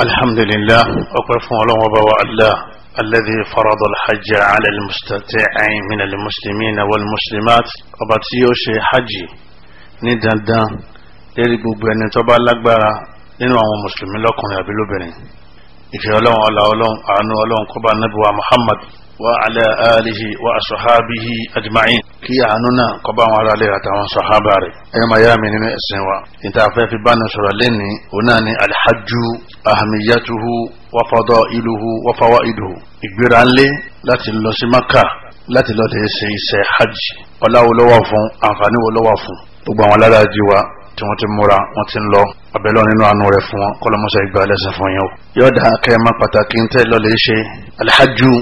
الحمد لله وقف ولوب الله الذي فرض الحج على المستطيع من المسلمين والمسلمات وباتي يوشي حجي ندان دان lérí gbogbo ẹni tó bá lágbára nínú àwọn mùsùlùmí lọ́kùnrin àbí lóbìnrin ìfẹ́ ọlọ́run ọlá ọlọ́run àánú ọlọ́run kọ́ba nàbíwá Muhammad وعلى آله وأصحابه أجمعين كي عنونا قبا وعلى لها تاوان صحاباري أيما يامن نسنوا انت عفاف بان سراليني وناني الحج أهميته وفضائله وفوائده إكبران لي لا تلوسي مكة لا تلوسي سيسي حج ولا ولوا فون أنفاني ولوا فون gbogbo àwọn alálàájì wa tí wọ́n ti múra wọ́n ti ń lọ abẹ́lọ́ nínú àánú rẹ̀ fún wọn kọ́lọ́mọṣẹ́ ìgbà lẹ́sẹ̀ fún yẹn o. yọ̀ọ́dà kẹ́ẹ̀má pàtàkì ń tẹ́ lọ́lẹ̀ ṣe alhaju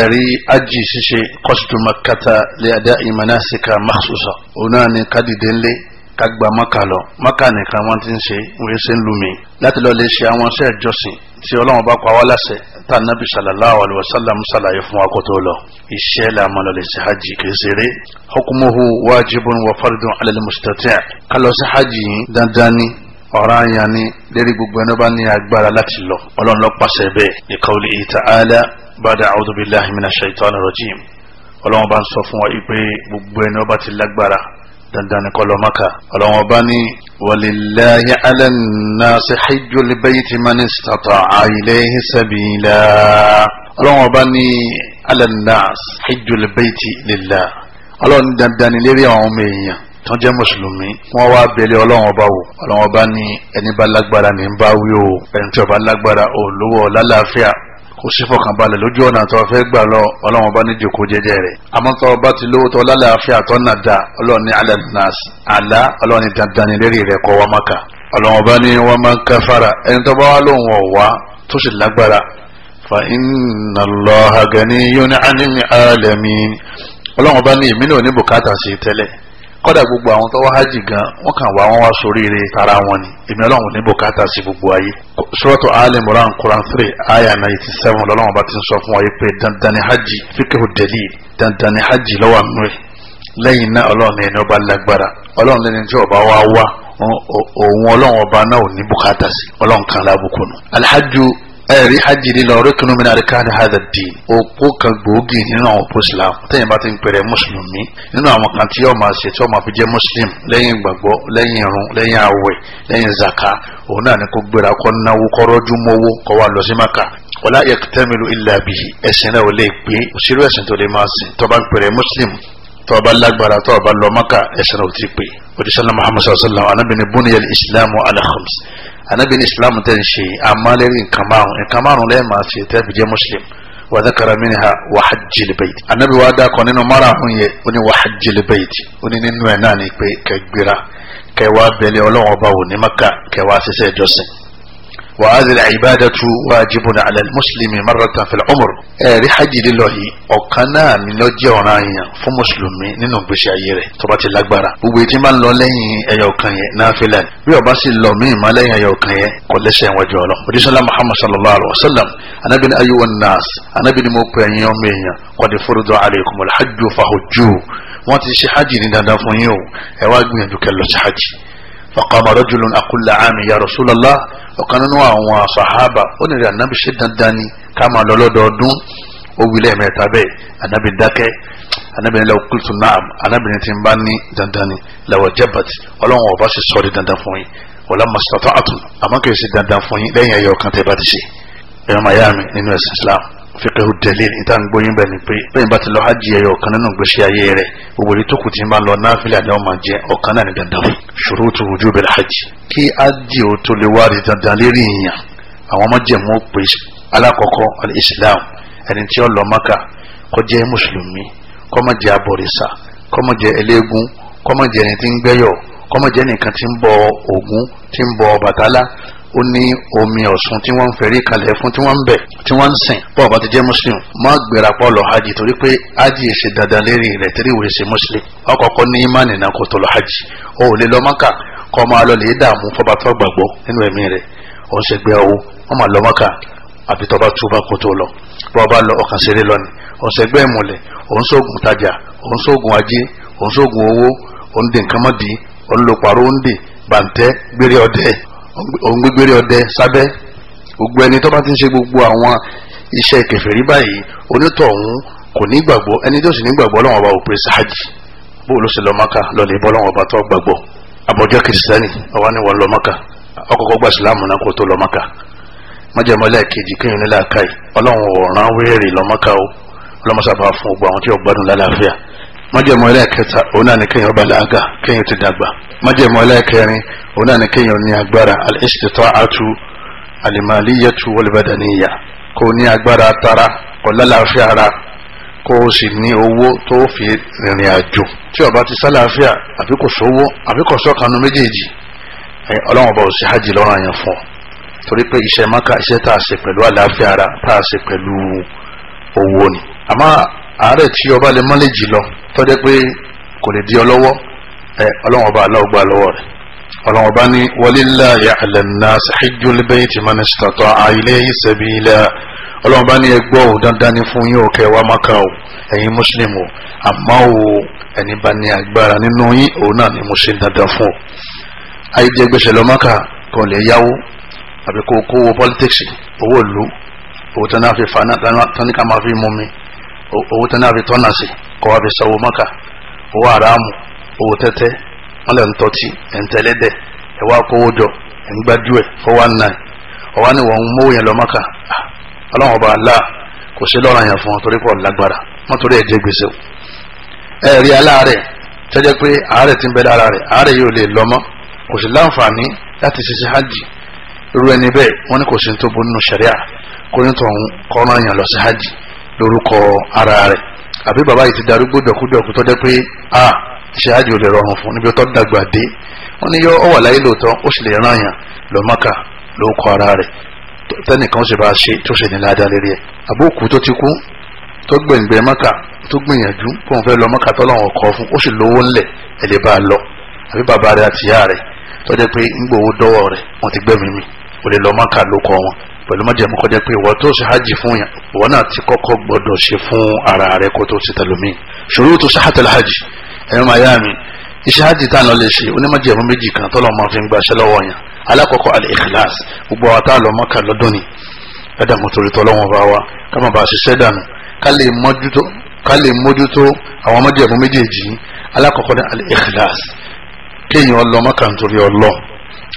ẹ̀rí ají ṣíṣe kọ́sùtù makata le ada ìmánásíkà maksusa òun náà ni kádìdé ńlé kagbà maka lọ maka nìkan wọn ti ń ṣe wọn ṣe ń lu mi láti lọ lè ṣe àwọn iṣẹ́ ìjọsìn tí ọlọ́run bá pa wá láṣẹ sallallahu alayhi wa sallam ṣàlàyé fún wa kó tó lọ la máa lọ lè ṣe hajj kìí ṣeré hukumuhu wajibun wa faridun alal mustati' kálọ̀ sí hajj yìí dandan ni ọ̀ranyàn ni lérí gbogbo ẹni bá ní agbára láti lọ ọlọ́run ló pàṣẹ bẹ́ẹ̀ ní qawlihi ta'ala ba'da a'udhu billahi minash shaitani rajim ọlọ́run bá ń sọ fún wa pé gbogbo ẹni ọba ti lágbára dandan ni kó lọ Mákà ọlọ́run ọba ní walillahi 'ala an-nasi hajjul bayti man istata'a ilayhi sabila ọlọ́run ọba ní 'ala an-nasi hajjul bayti lillah ọlọ́run dandan ni lérí àwọn ọmọ èèyàn tó jẹ́ mùsùlùmí wọ́n wá bẹ̀lẹ̀ ọlọ́run ọba wò ọlọ́run ọba ní ẹni bá lágbára ní bá wí o ẹni tí ọba lágbára ò lówó lálàáfíà kò sí fọkànbalẹ̀ lójú ọ̀nà tó fẹ́ gbà lọ ọlọ́run ọba ní jòkó jẹ́jẹ́ rẹ̀ àmọ́ tó ọba ti lówó tó lálàáfíà tó nà dá ọlọ́run ní alẹ́ nas àlá ọlọ́run ní dandan ní lérí rẹ̀ kọ́ wa maka ọlọ́run ọba ní wa kọ́dà gbogbo àwọn tó wá hajj gan wọ́n kàn wá wọ́n wá sóríire tara wọn ni èmi ọlọ́run ní bùkátà sí gbogbo ayé. suratu ali imran quran three aya ninety seven lọ́lọ́run bá ti sọ fún wa yìí pé dandan ni hajj fíkẹ́hù dẹ́lì dandan ni hajj lọ́wọ́ àánú ẹ̀ lẹ́yìn náà ọlọ́run ní ẹni ọba lágbára ọlọ́run lẹ́ni tí ọba wa wá òun ọlọ́run ọba náà ò ní bùkátà sí ọlọ́run kan lábùkún nù. alhajju ẹ̀rí hajj lílọ rẹ́kùnú mi náà rí káàní hàdà dì òpó kan gbòógì nínú àwọn òpó islam tẹ́yìn bá ti ń pèrè mùsùlùmí nínú àwọn kan tí yóò máa ṣe tí wọ́n máa fi jẹ́ muslim lẹ́yìn ìgbàgbọ́ lẹ́yìn irun lẹ́yìn àwẹ̀ lẹ́yìn zaka òun náà ni kó gbéra kó náwó kọ́rọ́jú mówó kó wá lọ sí maka wala yaktamilu illa bihi ẹ̀sìn náà ò lè gbé òṣèlú ẹ̀sìn tó lè máa sìn tó bá ń pèrè muslim tó bá lágbára tó bá lọ maka ẹ̀sìn náà ò ti pè òdìsánná muhammadu sallallahu alayhi wa sallam anabini buniyal islamu ala anabi ní islam tẹ̀ ń ṣe amalẹ́rì nǹkan márùn nǹkan márùn lẹ́yìn máa ṣe tẹ́ fi jẹ́ muslim wa dhakara minha wa hajjil bayt anabi wa dá kan nínú márùn yẹ ó ní wa hajjil bayt ó ní nínú ẹ̀ náà ni pé kẹ́ gbéra kẹ́ wá bẹ̀lẹ̀ ọlọ́run ọba wò ní maka kẹ́ wá ṣiṣẹ́ ìjọsìn وهذه العبادة واجب على المسلم مرة في العمر ẹ̀rí hajj lílọ yìí ọ̀kan náà ni ló jẹ́ ọ̀ràn yẹn fún mùsùlùmí nínú ìgbésí ayé rẹ̀ tó bá ti lágbára gbogbo etí máa ń lọ lẹ́yìn ẹyọ kan yẹn náfìlà bí ọba sì lọ míì máa lẹ́yìn ẹyọ kan yẹn kò lẹ́sẹ̀ wájú ọ̀lọ́ odísọ́lá muhammad sallallahu alayhi wa sallam anabi ni ayu onas mo pè ẹ̀yin ọmọ èèyàn kọ́ni faqama rajulun aqulla ami ya rasulallah ọ̀kan nínú àwọn sahaba ó ní rí anabi ṣe dandan ni ká máa lọ lọ́dọọdún ó wí lẹ́ẹ̀mẹ́ta bẹ́ẹ̀ anabi dákẹ́ anabi ní law qultu na'am anabi ní ti ń bá ní dandan ni lawajabat ọlọ́run ọba ṣe sọ́ọ́ di dandan fún yín wala mastata'tum àmọ́ kì í ṣe dandan fún yín lẹ́yìn ẹ̀yọ̀ kan tẹ́ bá ti ṣe ẹ̀rọ màyà mi nínú ẹ̀sìn islam fiqhu dalil ìta ń gbóyún bẹ́ẹ̀ ni pé bẹ́ẹ̀ bá ti lọ hajj ẹ̀yọ ọ̀kan nínú ìgbésí ayé rẹ̀ òwò ètò kù ti máa lọ náfìlà ni wọ́n máa jẹ ọ̀kan náà ní dandan shurutu wujubil hajj kí hajj ò tó lè wá rí dandan lérí ìyàn àwọn májẹ̀mú pé alákọ̀ọ́kọ́ al-islam ẹni tí ó lọ maka kó jẹ́ mùsùlùmí kó má jẹ́ abọ̀rìṣà kó má jẹ́ eléégún kó má jẹ́ ẹni tí ń gbẹ́yọ̀ kó má jẹ́ ẹnìkan tí ń bọ Ògún tí ń bọ Ọbàtálá ó ní omi ọ̀sùn tí wọ́n ń fẹ̀rí kalẹ̀ fún tí wọ́n ń bẹ̀ tí wọ́n ń sìn bọ́ọ̀ bá ti jẹ́ muslim má gbéra pọ̀ lọ hajj torí pé hajj yìí ṣe dandan lérí rẹ̀ torí ìwé ṣe muslim ọkọ̀ọ̀kọ̀ ní imáàni náà kò tó hajj o lè lọ mọ́kà kọ́ máa lọ lè dààmú fọba tó gbàgbọ́ nínú ẹ̀mí rẹ̀ ò ń ṣègbè owó wọ́n máa lọ mọ́kà àbí tọ́ba túbà kó tó lọ bọ́ọ̀ ni ń ìmùlẹ̀ ń ajé ń ṣoògùn owó òun gbégbére ọdẹ sábẹ́ gbogbo ẹni tó bá ti ń ṣe gbogbo àwọn iṣẹ́ kèfèrí báyìí onítọ̀hún kò ní gbàgbọ́ ẹni tó sì ní gbàgbọ́ Ọlọ́run ọba òpè sáájì bó ló ṣe lọ Mákà lọ́lẹ̀ bọ́ Ọlọ́run ọba tó gbàgbọ́ àbọ̀jọ́ kìrìsìtẹ́nì ọwọ́ ni wọ́n lọ Mákà ọkọ̀kọ́ gba ìsìláàmù náà kó tó lọ Mákà májàmọ́lẹ̀ kejì kéèyàn nílà káì Ọlọ́run ọ̀ràn wẹ́rẹ̀ lọ Mákà o ọlọ́mọṣàbà fún gbogbo àwọn tí ó lálàáfíà májẹ̀mú ẹlẹ́ẹ̀kẹta òun náà ni kéèyàn bàlágà kéèyàn ti dàgbà májẹ̀mú ẹlẹ́ẹ̀kẹrin òun náà ni kéèyàn ní agbára al atu al-maliyatu wal-badaniyya kó ní agbára tara kó lálàáfíà ara kó o sì ní owó tó fi rìnrìn àjò tí ó bá ti sálàáfíà àbí kò sówó àbí kò sọ́kànnú méjèèjì ọlọ́run ọba òsì hajj lọ́rùn àyàn fún ọ torí pé iṣẹ́ maka iṣẹ́ tá a ṣe pẹ̀lú àlàáfíà ara tá a ṣe pẹ̀lú owó ni àmọ́ àárẹ̀ tí ọba lè mọ́lẹ̀ jì lọ tọ́jẹ́ pé kò lè di ọ lọ́wọ́ ẹ ọlọ́run ọba aláwọ̀ gbà lọ́wọ́ rẹ̀ ọlọ́run ọba ní walillahi ala nnas hijjul bayti man istata'a ilayhi sabila ọlọ́run ọba ní ẹgbọ́ ò dandan ní fún yín òkè wa maka o ẹ̀yin muslim o àmọ́ o ẹni bá ní agbára nínú yín òun náà ni mo ṣe dandan fún o ayé jẹ́ gbèsè lọ maka kò lè yáwó àbí kò kówó politics owó ìlú owó tán ní ká máa fi mú mi owó tẹ́ náà fi tọ́nà sí kọ́ wa fi sanwó mọ́kà owó àràmù owó tẹ́tẹ́ wọ́n lè ń tọ́tí ẹ̀ ń tẹ́lẹ́dẹ̀ ẹ̀ wá kówó jọ ẹ̀ ń gbájú ẹ̀ fọwọ́ nà ẹ̀ ọwọ́ ni wọ́n ń mú yẹn lọ mọ́kà ọlọ́run ọba àlá kò sí lọ́ràn yẹn fún ọ torí pọ̀ lágbára wọ́n torí ẹ̀ jẹ́ gbèsè o ẹ̀ rí aláàárẹ̀ tẹ́jẹ́ pé àárẹ̀ ti ń bẹ lára rẹ̀ àárẹ̀ yóò lè lọ́mọ́ kò sí láǹfààní láti ṣiṣẹ́ hajj irú ẹni bẹ́ẹ̀ wọ́n ní kò sí ní tó bó nínú ṣẹ̀ríà kó ní tọ̀hún kọ́ran yẹn lọ sí hajj lórúkọ ara rẹ̀ àbí bàbá yìí ti darúgbó dọ̀kúdọ̀kú tó pé a ṣe àjò lè rọrùn fún níbi tó dàgbà dé wọ́n ní yọ ọ wà láyé lóòótọ́ ó sì lè ràn yàn lọ́mọ́kà lórúkọ ara rẹ̀ tẹ́nìkan ṣe bá ṣe tó ṣe ní ládàá lérí ẹ̀ àbókù tó ti kú tó gbẹ̀ngbẹ̀ mọ́kà tó gbìyànjú kó n fẹ́ lọ mọ́kà tọ́lọ́wọ́n kọ́ fún ó sì lówó ńlẹ̀ ẹ̀ lè bá a lọ àbí bàbá rẹ̀ àtìyá rẹ̀ tọ́jú pé ń gbowó dọ́wọ́ rẹ̀ wọ́n ti gbẹ̀mí mi ò lè lọ mọ́kà ló wọn pẹ̀lú májẹ̀mú kọjá pé ìwọ tó ṣe hajj fún yàn ìwọ náà ti kọ́kọ́ gbọ́dọ̀ ṣe fún ara rẹ kó tó ṣe tẹlomi ṣòro tó ṣe hàtẹ̀lẹ̀ hajj ẹ̀rọ màá yá mi iṣẹ́ hajj tá à ń lọ lè ṣe onímájẹ̀mú méjì kan tọ́lọ́ máa fi ń gbaṣẹ́ lọ́wọ́ yàn alákọ̀ọ́kọ́ al-ikhlas gbogbo àwọn tá a lọ mọ́kà lọ́dún ni ẹ̀dá kan torí tọ́lọ́wọ́n bá wa ká má bàa ṣiṣẹ́ dànù ká lè mójútó àwọn ikhlas kéèyàn lọ mọ́kà nítorí Ọlọ́run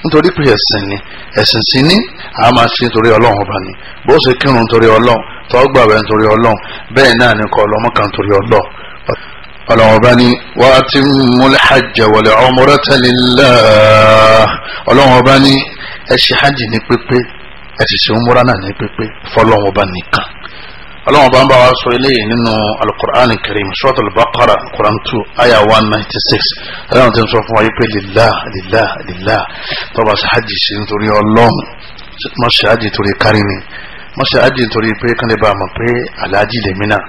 nítorí pé ẹ̀sìn ni ẹ̀sìn sí ni a máa ṣe nítorí ọlọ́run ọba ni bó ṣe kírun nítorí ọlọ́run tó gbààwẹ̀ nítorí ọlọ́run bẹ́ẹ̀ náà ni kọ́ ọlọ́mọkà nítorí ọlọ́run. ọlọ́run ọba ni wa atimmul hajja wal umrata lillah ọlọ́run ọba ni ẹ ṣe hajj ní pípé ẹ sì ṣe umura náà ní pípé fọlọ́run ọba nìkan ọlọ́wọ́n bá ń bá wa sọ eléyìí nínú alukur'an karim surat al-baqara quran two aya one ninety six ọlọ́wọ́n ti ń sọ fún wa yí pé lillah lillah lillah tọ́ba ṣe hajj sí nítorí ọlọ́run má ṣe hajj nítorí kárí mi má ṣe hajj nítorí pé kánlẹ̀ bá a mọ̀ pé aláàjì lèmi náà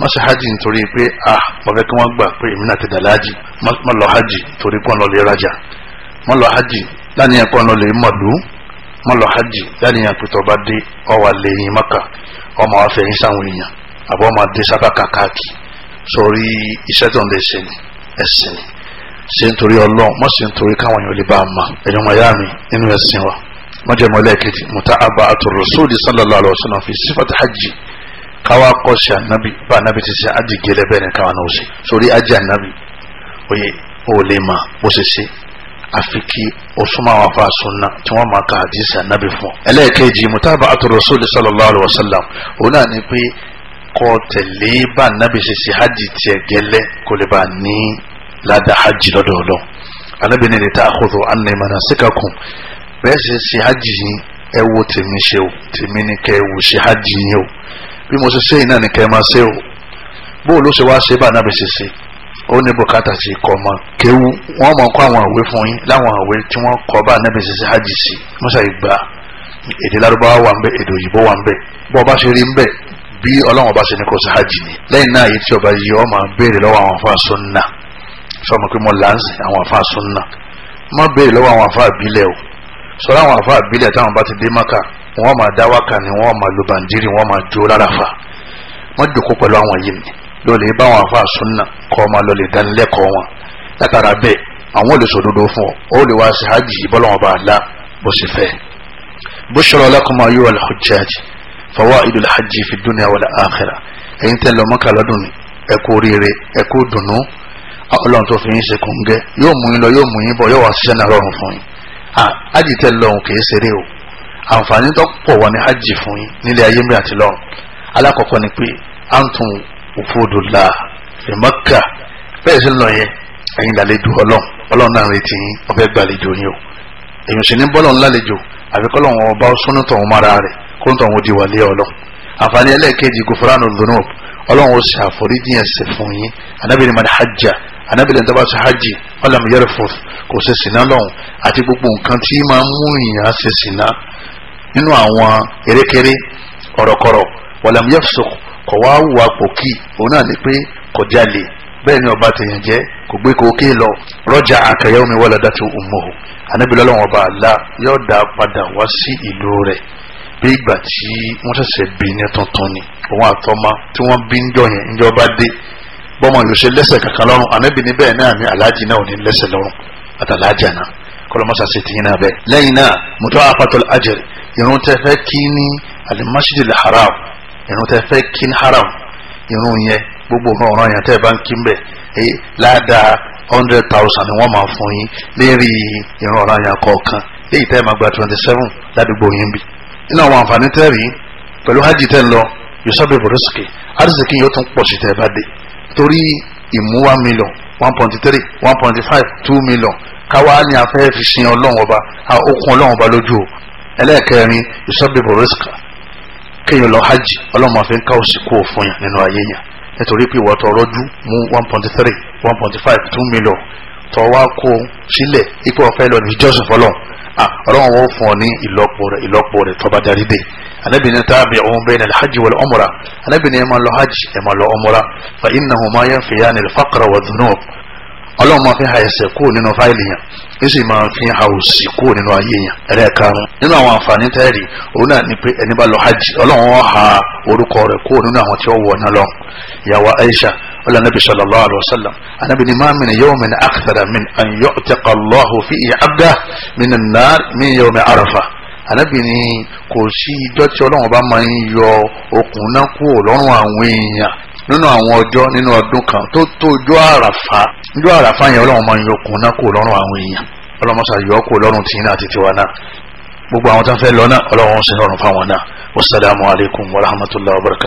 má ṣe hajj nítorí pé ah mo fẹ́ kí wọ́n gbà pé èmi náà ti dà láàjì má lọ hajj torí pọ́n lọ lè rajà má lọ hajj láníyàn pọ́n lọ mo lọ hajj lẹ́nìyàn pété ba dé ọwà lẹ́yìn maka ọmọ wa fẹ̀yìn sáwọn èèyàn àbọ̀ ọmọ adé sábà kàkàkì sórí iṣẹ́ tó ń lè ṣe ni ẹ̀sìn ni ṣe káwọn lè bá a ma ẹ̀yọ́ mọ̀ yá mi nínú ẹ̀sìn wa mọ̀jẹ̀mọ̀ lẹ́ẹ̀kejì muta abba àtọ̀rọ̀ sóòdì sallallahu alaihi wasallam fi sífàtà hajj káwa bá ti ni káwa náà ṣe sórí afiki osuma wa fa sunna tí wọ́n máa ka hadisi anabi fún ẹlẹ́ẹ̀kejì mutaba atu rasul sallallahu alayhi wa sallam òun náà ni pé kọ́ tẹ̀lé bá anabi ṣe ṣe hajj tiẹ̀ gẹ́lẹ́ kó lè bá ní ládà hajj lọ́dọ̀ ọlọ́ anabi ní ta àkóso anna ìmọ̀nà síkàkùn bẹ́ẹ̀ ṣe ṣe hajj yín ẹ wo tèmi ṣe o tèmi ní kẹ́ wo ṣe hajj yín o bí mo ṣe ṣe yìí náà ní kẹ́ ẹ máa ṣe o bóòlù ṣe wá ṣe bá anabi ṣe ó ní bùkátà sí kọ́ ọmọ kéwú wọ́n mọ̀ kọ́ àwọn àwé fún yín láwọn àwé tí wọ́n kọ́ bá nẹ́bí sisi hajj sí musa ìgbà èdè lárúbáwá wà ń bẹ èdè òyìnbó wà ń bẹ bọ́ ọba ṣe rí ń bí ọlọ́wọ́n ọba ṣe ní kò sí hajj ni lẹ́yìn náà yìí tí ọba yìí ọ máa béèrè lọ́wọ́ àwọn afa sunna sọmọ pé mo là ń sìn àwọn afa sunna má béèrè lọ́wọ́ àwọn afa àbílẹ̀ o sọ̀rọ̀ àwọn afa àbílẹ̀ táwọn bá ti dé maka wọ́n máa dá wákà ni wọ́n máa lo bàǹdírì wọ́n máa jó lárafa má jòkó pẹ̀lú àwọn yìí lọlẹ bá wọn afa sunna kọ ọmọ lọlẹ dánilẹ́kọ̀ọ́ wọn látara bẹ́ẹ̀ àwọn olùsòdodo fún ọ ó lè wá sí hajj bọlọwọn bá a la bó sì fẹ́. bushra lakum ayyuha al-hujjaj fawaidu al-hajj fi dunya wal akhirah ẹ̀yin tẹ́ lọ Mẹ́kà lọ́dún ni ẹ kú oríire ẹ kú dùnú Ọlọ́run tó fi yín ṣe kòńgẹ́ yóò mú yín lọ yóò mú yín bọ̀ yóò wá ṣiṣẹ́ náà rọrùn fún yín hajj tẹ́ lọ́run kì í ṣeré o àǹfààní tó pọ̀ wà ní hajj fún yín nílé ayé mi àti lọ́run alákọ̀ọ́kọ́ ni pé antum wufudullah ní Mẹ́kà bẹ́ẹ̀ sì lọ yẹn ẹ̀yin làlejò ọlọ́run ọlọ́run náà retí yín ọbẹ̀ gbàlejò yín o èyàn sì ní bọ́lọ̀ ńlálejò àfi kọ́ lọ́wọ́n ọba sọ́nù tọ̀hún mara rẹ̀ kó ń tọ̀hún di wàlẹ́ ọlọ́run àǹfààní ẹlẹ́ẹ̀kejì gòfúránù dhunub ọlọ́run ó sì àforíjì ẹ̀ṣẹ̀ fún yín anábìrin mad hajja anábìrin tó bá ṣe hajj ọlọ́m yarfus kò ṣe sìnà lọ́hùn àti gbogbo nǹkan tí máa ń mú ìyàn ṣe sìnà nínú àwọn erékeré ọ̀rọ̀kọ̀rọ̀ wàlám kọ̀ wá wù apò kí òun náà ní pé kò jalè bẹ́ẹ̀ ni ọba tèèyàn jẹ́ kò gbé kókè lọ rọ́jà àkàyà omi wọlé dàtí ummuhu anábìlẹ̀ ọlọ́wọ́n ọba àlá yóò dá padà wá sí ìlú rẹ̀ bí ìgbà tí wọ́n ṣẹ̀ṣẹ̀ bí ní tuntun ni òun àtọ́mọ tí wọ́n bí ń jọ yẹn ń jọba dé bọ́mọ yóò ṣe lẹ́sẹ̀ kankan lọ́rùn anábì bẹ́ẹ̀ náà ni aláàjì náà ò ní lẹ́sẹ̀ lọ́rùn àtàlájà náà kọlọmọsà ṣe tìyín náà bẹ́ẹ̀ lẹ́yìn náà mutọ́ apatul ajr irun tẹ́ fẹ́ kí ní alimasidi haram ìrun tẹ fẹ́ kí haram ìrun yẹn gbogbo nǹkan ọ̀ràn yẹn tẹ́ ẹ bá ń kí ń ẹ ládàá hundred thousand ni wọ́n máa fún yín lérí ìrun ọ̀ràn yẹn kọ̀ọ̀kan léyìí tẹ́ máa gba twenty seven ládùúgbò yín bí. nínú àwọn àǹfààní tẹ́ rí pẹ̀lú hajj tẹ́ ń lọ yusufbe borisiki arziki yóò tún pọ̀ sí tẹ́ bá dé torí ìmú one million one point three one point five two million káwa ni a fẹ́ fi sin ọlọ́run ọba okun ọlọ́run ọba lójú ẹlẹ́ẹ̀kẹrin yusufbe borisiki kéèyàn lọ hajj ọlọ́mọ àfi ń ká òsì kú òfun yàn nínú ayé yàn nítorí pé ìwọ tó rọ́jú mú one point three one point five two million tó wá kó sílẹ̀ ipò ọ̀fẹ́ lọ ní jọ́sìn fọlọ́n ọlọ́run wọ́n fún ọ ní ìlọ́po rẹ̀ ìlọ́po rẹ̀ tó darí dé anabi taabi ohun bẹ́ẹ̀ ni alhaji wal umra anabi ni lọ hajj ẹ lọ umra fa innahuma yanfiyani al-faqra wa dhunub ọlọ́run máa fi ha ẹsẹ̀ kúrò nínú fáìlì yẹn ó sì máa fi ha òsì kúrò nínú ayé yẹn ẹlẹ́ẹ̀karùn nínú àwọn àǹfààní tẹ́ẹ̀rì òun náà ni pé ẹni bá lọ hajj ọlọ́run wọn ha orúkọ rẹ̀ kúrò nínú àwọn tí ó wọ̀ náà lọ ìyàwó Aisha ọlọ́run nàbì sallallahu alaihi wasallam anabi ni ma min yawmin akthara min an min an-nar min yawmi Arafah arábìnrin kò sí ijọ́ náà kúrò nínú àwọn ọjọ́ nínú ọdún kan tó tó ọjọ́ àràfà ọjọ́ àràfà yẹn ọlọ́run máa ń yọ kùn náà kò lọ́rùn àwọn èèyàn ọlọ́run máa ṣàyọ kò lọ́rùn tì àti tiwa náà gbogbo àwọn tó ń fẹ́ lọ náà ọlọ́run ń sin fáwọn náà wasalaamualeykum wa rahmatulah wa barakatuh.